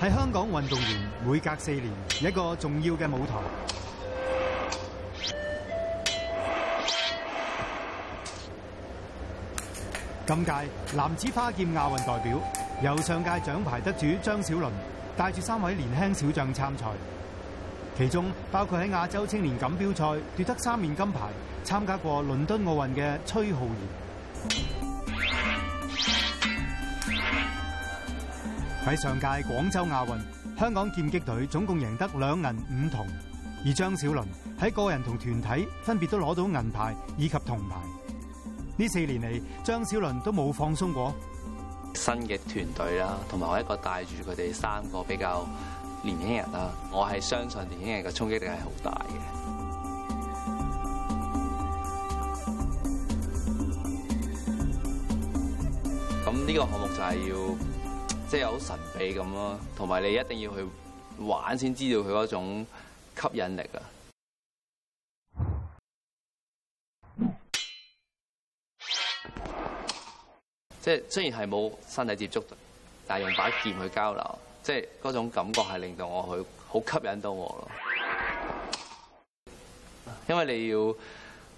係香港運動員每隔四年一個重要嘅舞台。今屆男子花劍亞運代表由上屆獎牌得主張小倫帶住三位年輕小將參賽，其中包括喺亞洲青年錦標賽奪得三面金牌，參加過倫敦奧運嘅崔浩然。喺上屆廣州亞運，香港劍擊隊總共贏得兩銀五銅，而張小倫喺個人同團體分別都攞到銀牌以及銅牌。呢四年嚟，張小倫都冇放鬆過。新嘅團隊啦，同埋我一個帶住佢哋三個比較年輕人啦，我係相信年輕人嘅衝擊力係好大嘅。咁呢個項目就係要。即係好神秘咁咯，同埋你一定要去玩先知道佢嗰種吸引力啊！即係雖然係冇身體接觸，但係用把劍去交流，即係嗰種感覺係令到我去好吸引到我咯。因為你要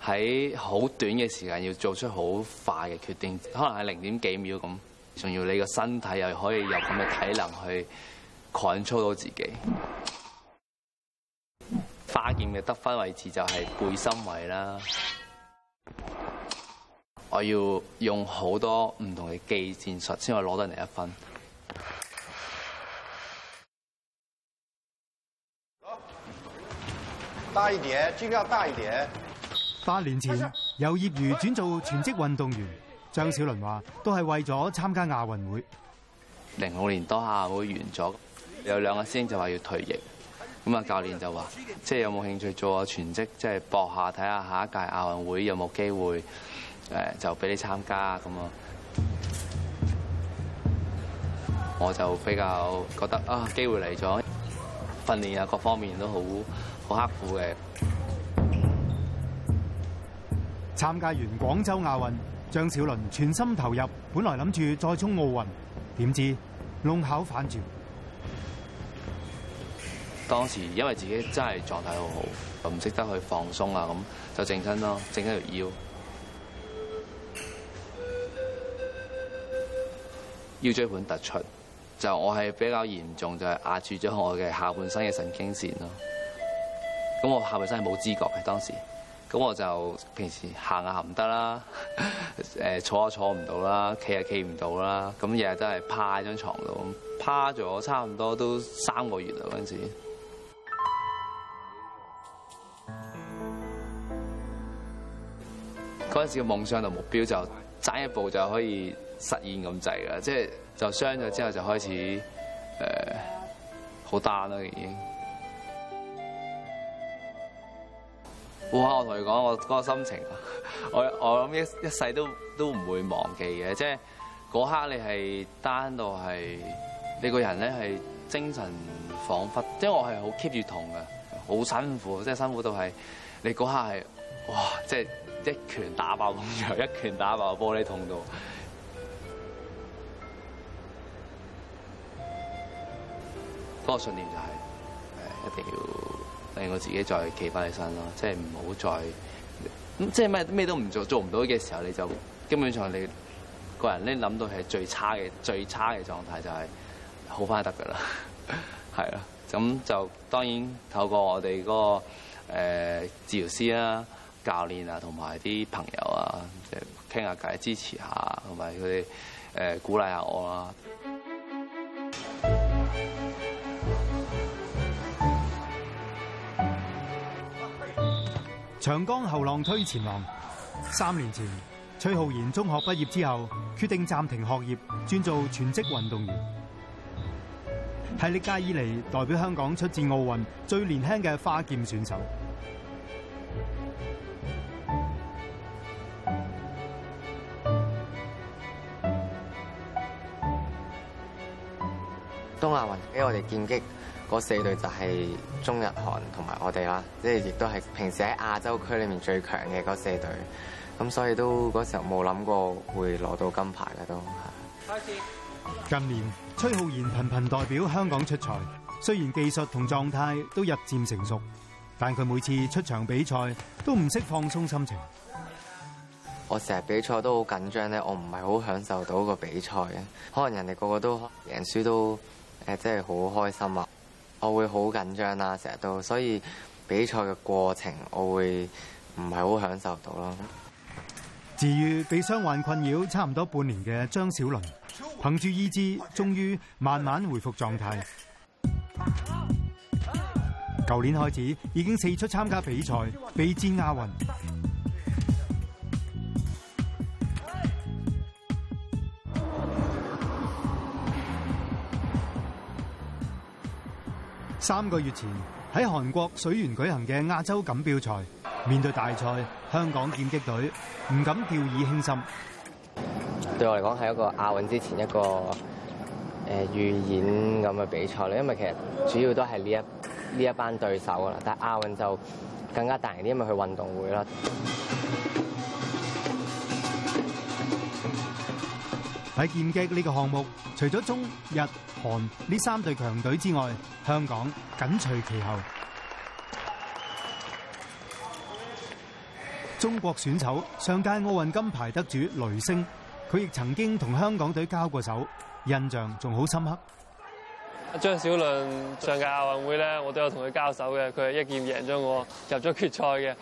喺好短嘅時間要做出好快嘅決定，可能係零點幾秒咁。仲要你個身體又可以有咁嘅體能去 control 到自己。花劍嘅得分位置就係背心位啦。我要用好多唔同嘅技戰術先可以攞到人哋一分。大一點，儘量大一點。八年前由業餘轉做全職運動員。張小倫話：，都係為咗參加亞運會。零六年多下亞運會完咗，有兩個師兄就話要退役，咁啊教練就話，即係有冇興趣做啊全職，即係搏下睇下下一屆亞運會有冇機會，誒就俾你參加咁啊。我就比較覺得啊機會嚟咗，訓練啊各方面都好好刻苦嘅。參加完廣州亞運。張小倫全心投入，本來諗住再衝奧運，點知弄巧反拙。當時因為自己真係狀態好好，唔識得去放鬆啊，咁就整身咯，整一條腰，腰椎盤突出，就我係比較嚴重，就係壓住咗我嘅下半身嘅神經綫咯。咁我下半身係冇知覺嘅當時。咁我就平時走走行下行唔得啦，坐下坐唔到啦，企下企唔到啦，咁日日都係趴喺張床度，趴咗差唔多都三個月啦嗰陣時。嗰陣時嘅夢想同目標就爭一步就可以實現咁滯啦，即係就傷咗之後就開始誒好單啦已經。呃哇，我同你講，我嗰個心情，我我諗一一世都都唔會忘記嘅，即係嗰刻你係單到係你個人咧係精神恍惚，即係我係好 keep 住痛嘅，好辛苦，即係辛苦到係你嗰刻係，哇！即係一拳打爆咁樣，一拳打爆玻璃痛到。嗰、那個信念就係、是、一定要。令我自己再企翻起身咯，即係唔好再，即係咩咩都唔做，做唔到嘅時候你就基本上你個人咧諗到係最差嘅，最差嘅狀態就係好翻得㗎啦，係 啦，咁就當然透過我哋嗰、個、呃、治療師啊、教練啊同埋啲朋友啊，傾下偈支持下，同埋佢哋誒鼓勵下我啦、啊。長江後浪推前浪。三年前，崔浩然中學畢業之後，決定暫停學業，專做全職運動員，係歷屆以嚟代表香港出戰奧運最年輕嘅花劍選手。東亞運俾我哋劍擊。嗰四隊就係中日韓同埋我哋啦，即係亦都係平時喺亞洲區裏面最強嘅嗰四隊。咁所以都嗰時候冇諗過會攞到金牌嘅都係。開始。近年，崔浩然頻頻頻代表香港出賽，雖然技術同狀態都日漸成熟，但佢每次出場比賽都唔識放鬆心情。我成日比賽都好緊張咧，我唔係好享受到那個比賽嘅。可能人哋個個都贏輸都誒，即係好開心啊。我會好緊張啦，成日都，所以比賽嘅過程我會唔係好享受到咯。至於被傷患困擾差唔多半年嘅張小倫，憑住意志，終於慢慢恢復狀態。舊年開始已經四出參加比賽，備戰亞運。三個月前喺韓國水原舉行嘅亞洲錦標賽，面對大賽，香港劍擊隊唔敢掉以輕心。對我嚟講係一個亞運之前一個誒、呃、預演咁嘅比賽啦，因為其實主要都係呢一呢一班對手嘅啦。但係亞運就更加大型啲，因為去運動會啦。喺劍擊呢個項目，除咗中日韓呢三隊強隊之外，香港緊隨其後。中國選手上屆奧運金牌得主雷聲，佢亦曾經同香港隊交過手，印象仲好深刻。張小倫上屆亞運會咧，我都有同佢交手嘅，佢係一劍贏咗我入咗決賽嘅。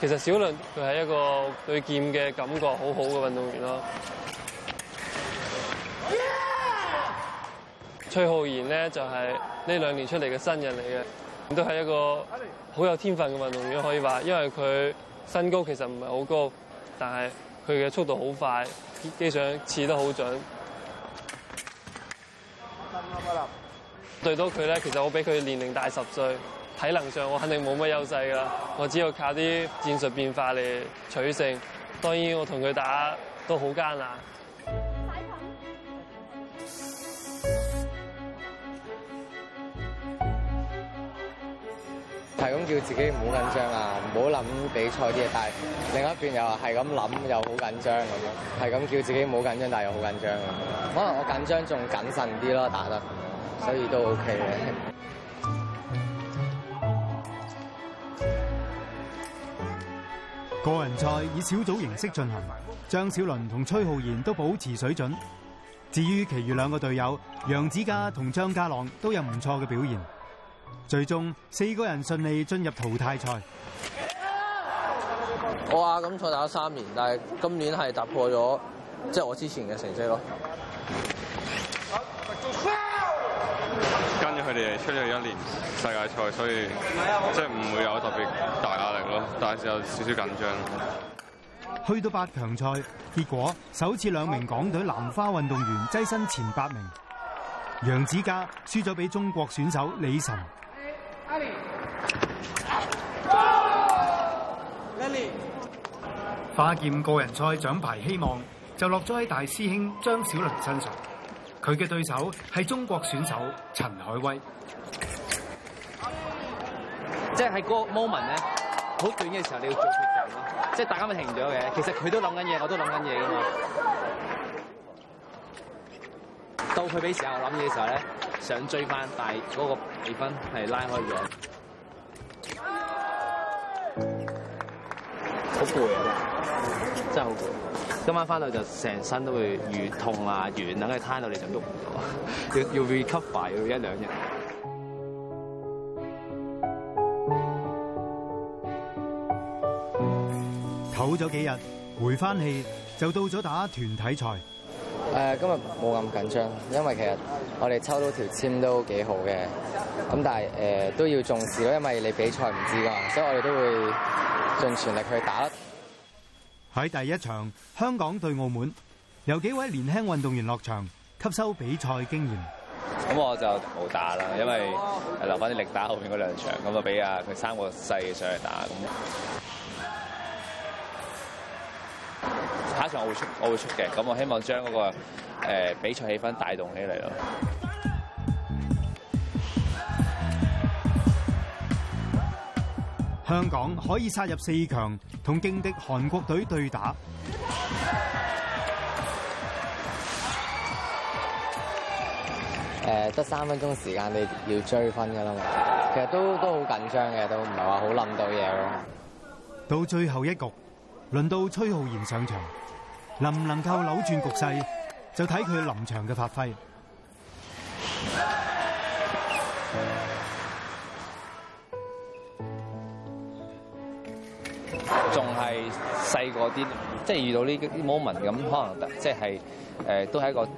其實小倫佢係一個對劍嘅感覺好好嘅運動員咯。崔浩然咧就係呢兩年出嚟嘅新人嚟嘅，都係一個好有天分嘅運動員，可以話，因為佢身高其實唔係好高，但係佢嘅速度好快，機上刺得好準。對到佢咧，其實我比佢年齡大十歲，體能上我肯定冇乜優勢㗎，我只要靠啲戰術變化嚟取勝。當然我同佢打都好艱難。係咁叫自己唔好緊張啊，唔好諗比賽啲嘢。但係另一邊又係咁諗，又好緊張咁樣。係咁叫自己唔好緊張，但係又好緊張。可能我緊張仲謹慎啲咯，打得，所以都 OK 嘅。個人賽以小組形式進行，張小倫同崔浩然都保持水準。至於其餘兩個隊友楊子嘉同張家朗都有唔錯嘅表現。最終四個人順利進入淘汰賽。哇！咁賽打了三年，但係今年係突破咗，即、就、係、是、我之前嘅成績咯。跟住佢哋出咗一年世界賽，所以即係唔會有特別大壓力咯，哎、呀但係就少少緊張。去到八強賽，結果首次兩名港隊男花運動員躋身前八名。楊子嘉輸咗俾中國選手李晨。花劍個人賽獎牌希望就落咗喺大師兄張小倫身上，佢嘅對手係中國選手陳海威。即係喺個 moment 咧，好短嘅時候你要做決定咯。即係大家咪停咗嘅，其實佢都諗緊嘢，我都諗緊嘢噶嘛。到佢俾時候諗嘢嘅時候咧。想追翻，但係嗰個氣氛係拉開咗，好攰啊！真係好攰。今晚翻到就成身都會痠痛啊、軟，等跟住攤到你就喐唔到，要要 recover 要一兩日。唞咗幾日，回翻氣就到咗打團體賽。誒，今日冇咁緊張，因為其實我哋抽到條籤都幾好嘅，咁但係誒、呃、都要重視咯，因為你比賽唔知㗎，所以我哋都會盡全力去打。喺第一場，香港對澳門，有幾位年輕運動員落場吸收比賽經驗。咁我就冇打啦，因為留翻啲力打後面嗰兩場，咁就俾阿佢三個細上去打咁。下一場我會出，我會出嘅。咁我希望將嗰個誒比賽氣氛帶動起嚟咯。香港可以殺入四強，同勁敵韓國隊對打。誒，得三分鐘時間，你要追分㗎喇嘛？其實都都好緊張嘅，都唔係話好諗到嘢咯。到最後一局。輪到崔浩然上場，能唔能夠扭轉局勢，就睇佢臨場嘅發揮。仲係細個啲，即係遇到呢啲 moment 咁，可能即係誒、呃，都係一個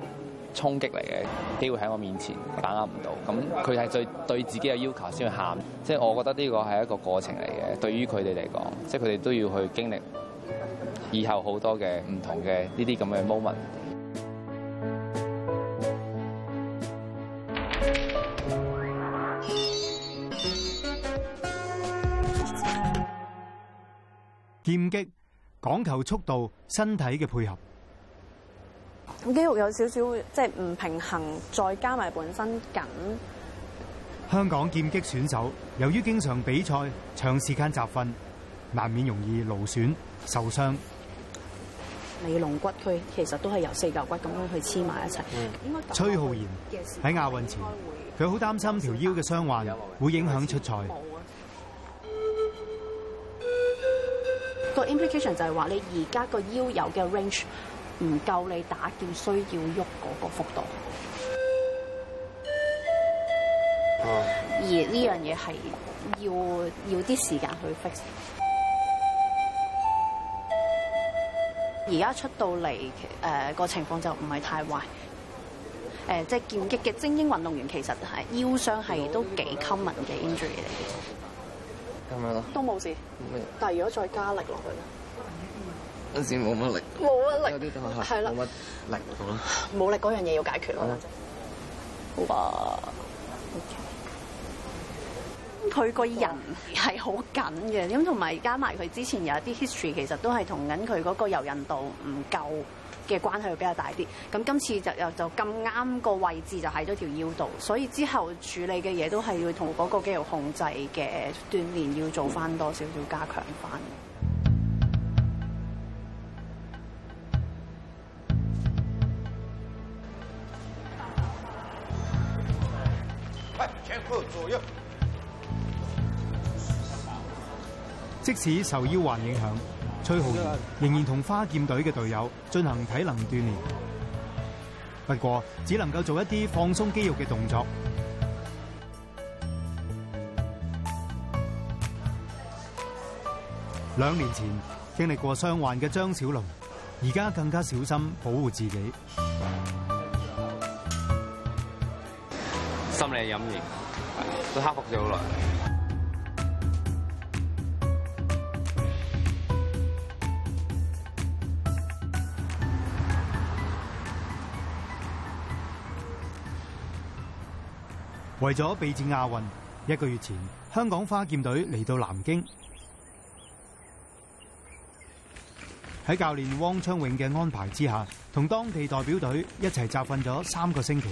衝擊嚟嘅機會喺我面前把握唔到。咁佢係最對自己嘅要求先喊，即係我覺得呢個係一個過程嚟嘅，對於佢哋嚟講，即係佢哋都要去經歷。以後好多嘅唔同嘅呢啲咁嘅 moment。劍擊講求速度、身體嘅配合。肌肉有少少即係唔平衡，再加埋本身緊。香港劍擊選手由於經常比賽、長時間集訓，難免容易勞損、受傷。尾龍骨佢其實都係由四嚿骨咁樣去黐埋一齊。應該崔浩然喺亞運前，佢好擔心條腰嘅傷患會影響出賽。個 implication 就係話你而家個腰有嘅 range 唔夠你打劍需要喐嗰個幅度。而呢樣嘢係要要啲時間去 fix。而家出到嚟，誒，個情況就唔係太壞。誒，即係劍擊嘅精英運動員，其實係腰傷係都幾 common 嘅 injury 嚟嘅。咁樣咯，都冇事。但係如果再加力落去咧，好似冇乜力。冇乜力，係啦，力冇啦。冇力嗰樣嘢要解決啦。了好啊。佢個人係好緊嘅，咁同埋加埋佢之前有一啲 history，其實都係同緊佢嗰個柔韌度唔夠嘅關係會比較大啲。咁今次就又就咁啱個位置就喺咗條腰度，所以之後處理嘅嘢都係要同嗰個肌肉控制嘅鍛鍊要做翻多少少加強翻。前後左右。即使受腰患影響，崔浩然仍然同花劍隊嘅隊友進行體能鍛鍊，不過只能夠做一啲放鬆肌肉嘅動作。兩年前經歷過傷患嘅張小倫，而家更加小心保護自己。心理陰影，都克服咗好耐。為咗備戰亞運，一個月前，香港花劍隊嚟到南京。喺教練汪昌永嘅安排之下，同當地代表隊一齊集訓咗三個星期。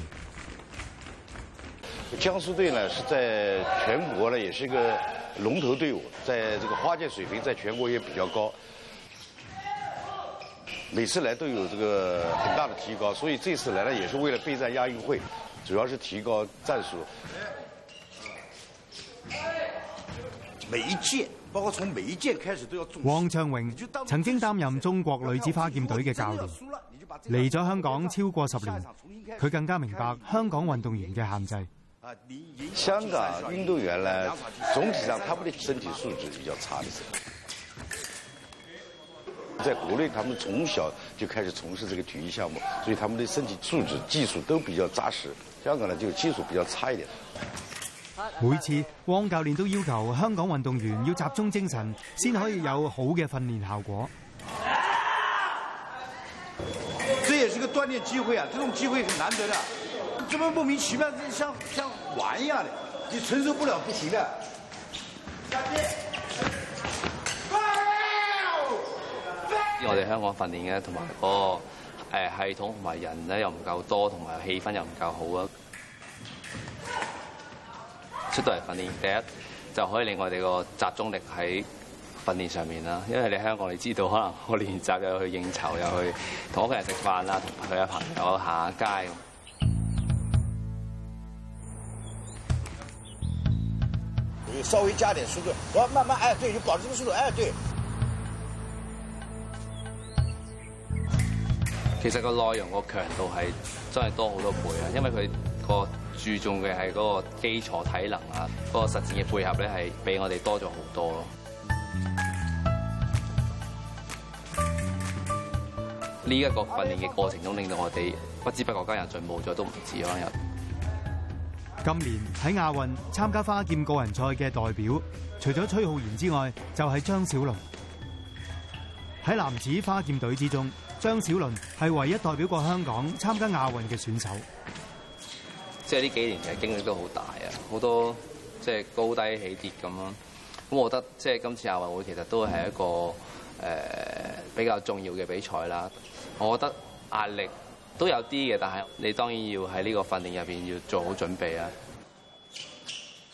江蘇隊呢，是在全國呢，也是一個龍頭隊伍，在這個花劍水平，在全國也比較高。每次來都有這個很大的提高，所以這次來呢，也是為了備戰亞運會。主要是提高戰術。每一屆，包括從每一屆開始都要做。王昌榮曾經擔任中國女子花劍隊嘅教練，嚟咗香港超過十年，佢更加明白香港運動員嘅限制。香港運動員呢，總體上他們的身體素質比較差。在國內，他們從小就開始從事這個體育項目，所以他們的身體素質、技術都比較紮實。香港呢就技術比較差一點。每次汪教練都要求香港運動員要集中精神，先可以有好嘅訓練效果啊。這也是個鍛煉機會啊！這種機會很難得的啊，這麼莫名其妙，像像玩一樣的，你承受不了不行嘅啊。我哋香港訓練啊，同埋哦誒，系統同埋人咧又唔夠多，同埋氣氛又唔夠好啊！出到嚟訓練，第一就可以令我哋個集中力喺訓練上面啦。因為你在香港，你知道可能我練習又去應酬，又去同屋企人食飯啦，同佢嘅朋友行下街。你要稍微加點速度，我慢慢，哎，對，要保持個速度，哎，對。其實個內容個強度係真係多好多倍啊！因為佢個注重嘅係嗰個基礎體能啊，嗰個實戰嘅配合咧係比我哋多咗好多咯。呢一個訓練嘅過程中，令到我哋不知不覺間又進步咗，都唔止嗰一日。今年喺亞運參加花劍個人賽嘅代表，除咗崔浩然之外，就係張小倫。喺男子花劍隊之中，張小倫係唯一代表過香港參加亞運嘅選手，即係呢幾年嘅經歷都好大啊，好多即係高低起跌咁樣。咁我覺得即係今次亞運會其實都係一個誒比較重要嘅比賽啦。我覺得壓力都有啲嘅，但係你當然要喺呢個訓練入邊要做好準備啊。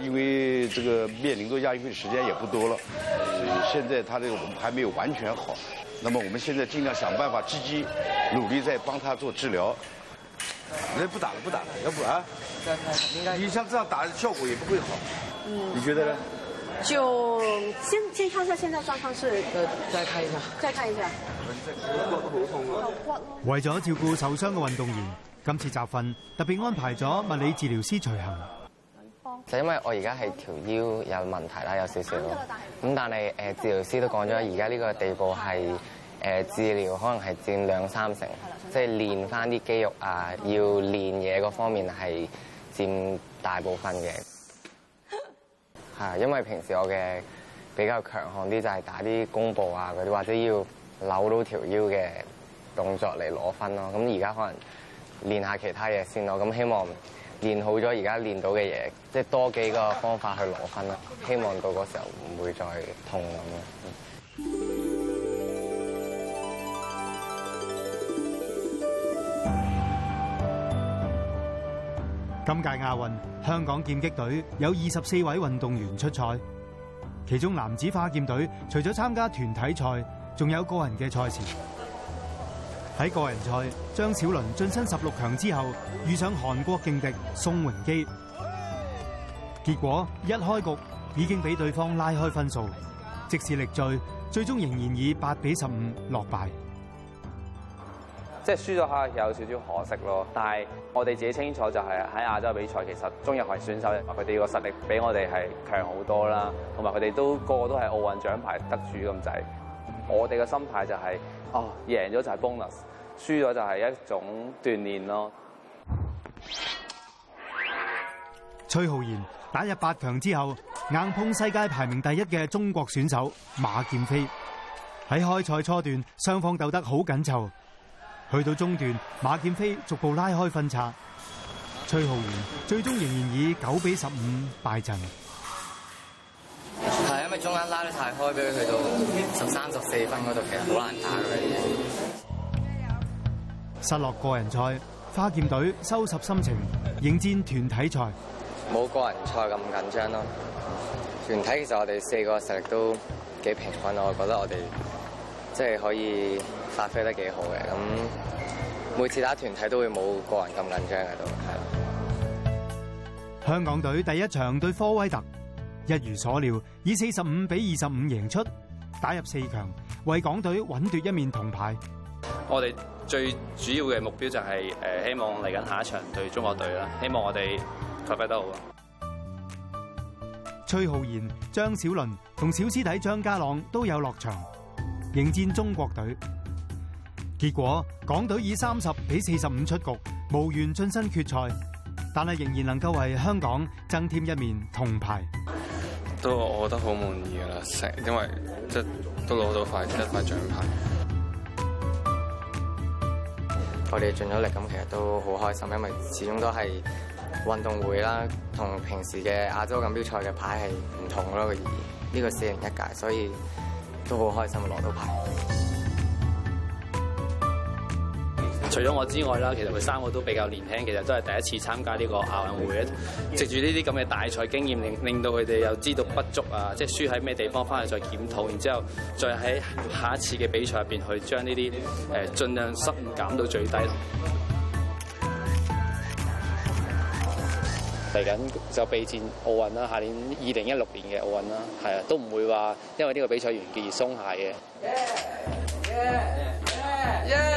因為這個面臨着亞運會時間也不多了，現在他這個我們還沒有完全好，那麼我們現在盡量想辦法積極努力在幫他做治療。那不打了不打了，要不啊？應該。你像這樣打的效果也不會好，你覺得呢？就先先看一下現在狀況是呃，再看一下，再看一下。為咗照顧受傷嘅運動員，今次集訓特別安排咗物理治療師隨行。就因為我而家係條腰有問題啦，有少少咁，但係誒治療師都講咗，而家呢個地步係誒治療可能係佔兩三成，即係對練翻啲肌肉啊，對要練嘢嗰方面係佔大部分嘅。係因為平時我嘅比較強項啲就係打啲弓步啊嗰啲，或者要扭到條腰嘅動作嚟攞分咯。咁而家可能練下其他嘢先咯。咁希望。練好咗而家練到嘅嘢，即係多幾個方法去攞分啦。希望到嗰時候唔會再痛咁。今屆亞運，香港劍擊隊有二十四位運動員出賽，其中男子花劍隊除咗參加團體賽，仲有個人嘅賽事。喺個人賽，張小倫晉身十六強之後，遇上韓國勁敵宋榮基，結果一開局已經俾對方拉開分數，即使力追，最終仍然以八比十五落敗。即係輸咗下有少少可惜咯，但係我哋自己清楚就係喺亞洲比賽，其實中日韓選手佢哋個實力比我哋係強好多啦，同埋佢哋都個個都係奧運獎牌得主咁滯，我哋嘅心態就係、是。哦，oh. 贏咗就係 bonus，輸咗就係一種鍛鍊咯。崔浩然打入八強之後，硬碰世界排名第一嘅中國選手馬劍飛。喺開賽初段，雙方鬥得好緊湊，去到中段，馬劍飛逐步拉開分差，崔浩然最終仍然以九比十五敗陣。中間拉得太開，俾佢去到十三十四分嗰度，其實好難打嘅。失落加油個人賽，花劍隊收拾心情，迎戰團體賽。冇個人賽咁緊張咯。團體其實我哋四個實力都幾平均，我覺得我哋即係可以發揮得幾好嘅。咁每次打團體都會冇個人咁緊張嘅都係。香港隊第一場對科威特。一如所料，以四十五比二十五贏出，打入四強，為港隊穩奪一面銅牌。我哋最主要嘅目標就係、是、誒，希望嚟緊下，下一場對中國隊啦。希望我哋發揮得好啊。崔浩然、張小倫同小師弟張家朗都有落場，迎戰中國隊。結果港隊以三十比四十五出局，無緣晉身決賽，但係仍然能夠為香港增添一面銅牌。都我覺得好滿意噶啦，成因為即都攞到快一塊獎牌，我哋盡咗力，咁其實都好開心，因為始終都係運動會啦，同平時嘅亞洲錦標賽嘅牌係唔同咯，個意義，呢個四零一屆，所以都好開心攞到牌。除咗我之外啦，其實佢三個都比較年輕，其實都係第一次參加呢個亞運會咧。藉住呢啲咁嘅大賽經驗，令令到佢哋又知道不足啊，即係輸喺咩地方，翻去再檢討，然之後再喺下一次嘅比賽入邊去將呢啲誒盡量失誤減到最低。嚟緊就備戰奧運啦，下年二零一六年嘅奧運啦，係啊，都唔會話因為呢個比賽完結而鬆懈嘅。Yeah, yeah, yeah, yeah.